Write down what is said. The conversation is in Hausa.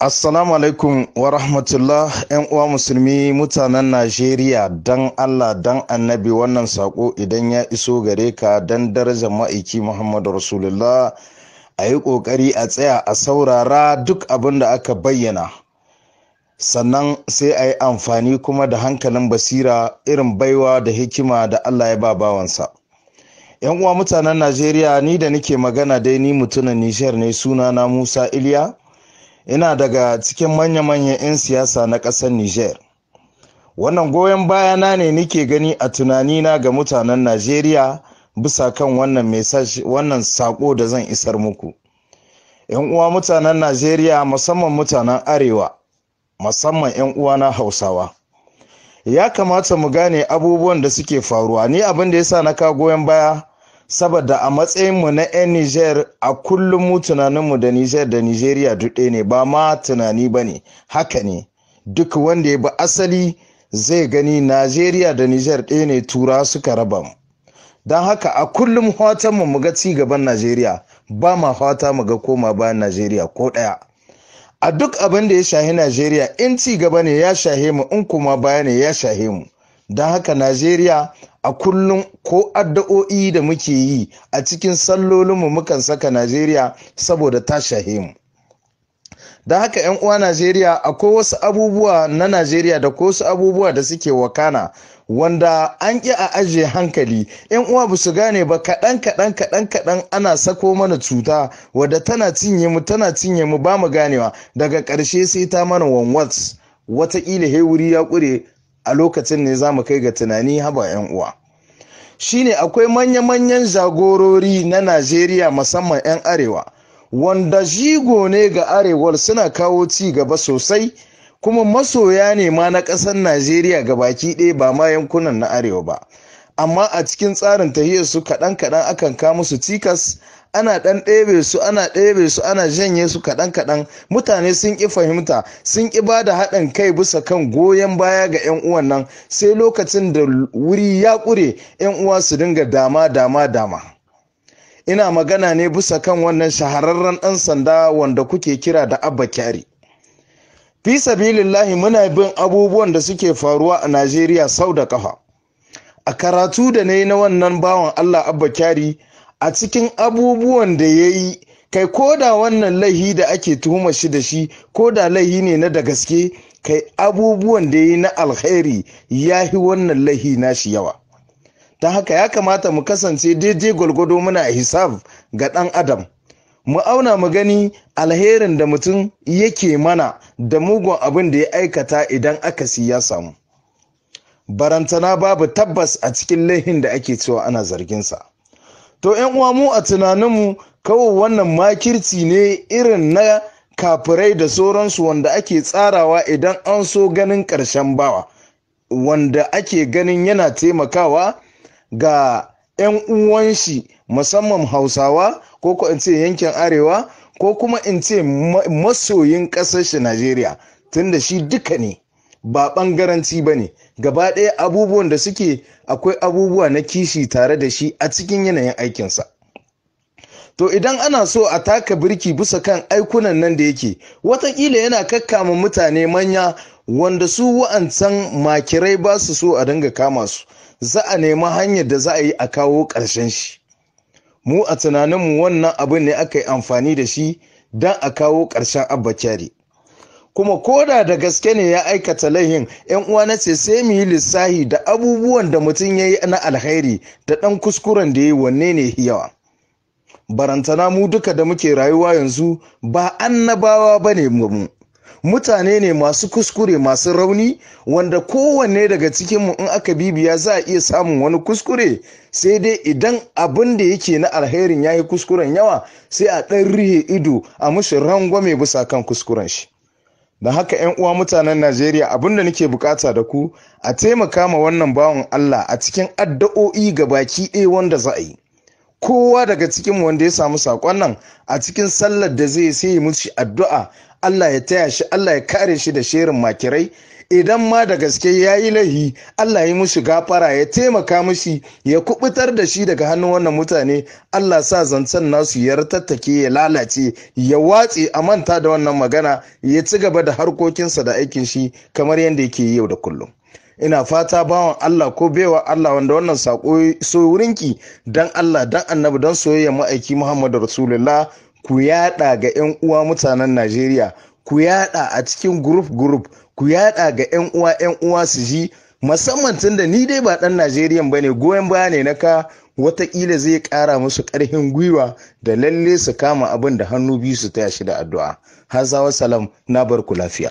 Assalamu alaikum wa rahmatullah ‘yan uwa musulmi mutanen Najeriya don Allah don annabi wannan saƙo idan ya iso gare ka don darajar ma'aiki Muhammadu Rasulullah a yi ƙoƙari a tsaya a saurara duk abin da aka bayyana. Sannan sai a yi amfani kuma da hankalin basira irin baiwa da hikima da Allah ya ba bawansa. ‘Yan uwa mutanen Najeriya ni da nike magana dai ni mutumin Nijar ne suna na Musa Iliya. ina daga cikin manya-manyan 'yan siyasa na ƙasar niger wannan goyon bayana ne nike gani a tunanina ga mutanen najeriya bisa kan wannan sako da zan isar muku yan uwa mutanen najeriya musamman mutanen arewa musamman yan uwa na hausawa ya kamata mu gane abubuwan da suke faruwa ni abin da ya sa na ka goyon baya saboda a matsayinmu na 'yan niger a kullum mu tunaninmu da niger da nigeria duɗe ne ba ma tunani ba ne haka ne duk wanda ya bi asali zai gani nigeria da niger ɗaya ne tura suka raba mu don haka a kullum mu mu ga gaban najeriya ba ma fata mu ga koma bayan najeriya ko ɗaya a duk abin da ya shahi najeriya in ci gaba ne ya shahe mu in kuma baya ne ya shahe mu don haka najeriya a kullum ko addu'o'i da muke yi a cikin sallolinmu mukan saka najeriya saboda ta shahe mu da haka 'yan uwa najeriya akwai wasu abubuwa na najeriya da wasu abubuwa da suke wakana wanda an ƙi a ajiye hankali 'yan uwa ba su gane ba kaɗan kaɗan kaɗan kaɗan ana sako mana cuta wadda tana cinye mu tana cinye mu ba mu ganewa daga ƙarshe sai ta mana wata wataƙila wuri ya ƙure a lokacin ne za mu kai ga tunani haba 'yan uwa shine akwai manya-manyan jagorori na najeriya musamman 'yan arewa wanda jigo ne ga arewar suna kawo ci gaba sosai kuma masoya ne ma na ƙasar najeriya ga baki ɗaya ba ma yankunan na arewa ba amma a cikin tsarin tahiyar su kaɗan-kaɗan akan kawo musu cikas ana ɗan ɗebe su ana ɗebe su ana janye su kaɗan kaɗan mutane sun ƙi fahimta sun ƙi ba da haɗin kai bisa kan goyon baya ga 'yan uwan nan sai lokacin da wuri ya ƙure 'yan uwa su dinga dama dama dama ina magana ne bisa kan wannan shahararren ɗan sanda wanda kuke kira da abba kyari fi sabilillahi muna bin abubuwan da suke faruwa a najeriya sau da kafa a karatu da na yi na wannan bawan allah abba kyari a cikin abubuwan da ya yi kai ko da wannan laihi da ake tuhuma shi da shi ko da laihi ne na da gaske kai abubuwan da ya yi na alkhairi ya yi wannan laihi na shi yawa ta haka ya kamata mu kasance daidai gwalgwado muna hisab ga ɗan adam mu auna mu gani alherin da mutum yake mana da mugun abin da ya aikata idan si ya samu barantana babu tabbas a cikin laihin da ake cewa ana zarginsa. to yan uwa mu a tunaninmu kawai wannan makirci ne irin na kafirai da sauransu wanda ake tsarawa idan an so ganin ƙarshen bawa wanda ake ganin yana taimakawa ga 'yan uwan shi musamman hausawa ko ko in ce yankin arewa ko kuma in ce masoyin ƙasar shi najeriya tunda shi duka ne ba ɓangaranci ba ne gaba ɗaya abubuwan da suke akwai abubuwa na kishi tare da shi a cikin yanayin aikinsa to idan ana so a taka birki bisa kan aikunan nan da yake watakila yana kakkama mutane manya wanda su wa'ancan makirai ba su so a dinga kama su za a nemi hanyar da za a yi a kawo ƙarshen shi mu a tunaninmu wannan abin ne aka yi amfani da shi don a kawo ƙarshen abba kyari kuma koda da gaske ne ya aikata laihin yan uwa na ce sai mu yi lissahi da abubuwan da mutum ya yi na alheri da dan kuskuren da ya yi wanne ne yawa barantana mu duka da muke rayuwa yanzu ba annabawa ba ne mu mutane ne masu kuskure masu rauni wanda kowanne daga cikinmu in aka bibiya za a iya samun wani kuskure sai dai idan abin da yake na alherin ya yi kuskuren yawa sai a ɗan rihe ido a mushi rangwame bisa kan kuskuren shi da haka 'yan uwa mutanen Najeriya abin da nake bukata da ku a taimaka ma wannan bawan Allah a cikin addu'o'i ga baki ɗaya wanda za a yi. Kowa daga cikin wanda ya samu saƙon nan a cikin sallar da zai sai ya addu'a Allah ya taya shi Allah ya kare shi da sherin makirai idan ma da gaske ya yi lahi Allah ya mushi gafara ya taimaka mushi ya kubutar da shi daga hannun wannan mutane Allah sa zancen nasu ya tattake ya lalace ya watse a manta da wannan magana ya ci gaba da harkokinsa da aikin shi kamar yadda yake yi yau da kullum ina fata bawan Allah ko baiwa Allah wanda wannan sako so wurinki dan Allah dan annabi dan soyayya ma'aiki Muhammadu Rasulullah ku yada ga 'yan uwa mutanen Najeriya ku yada a cikin group group ku yada ga 'yan uwa 'yan uwa su ji musamman tunda ni dai ba dan najeriya ba ne goyon baya ne na ka watakila zai kara musu karfin gwiwa da lalle su kama abin da hannu biyu su taya shi da addu'a hazawa salam na barku lafiya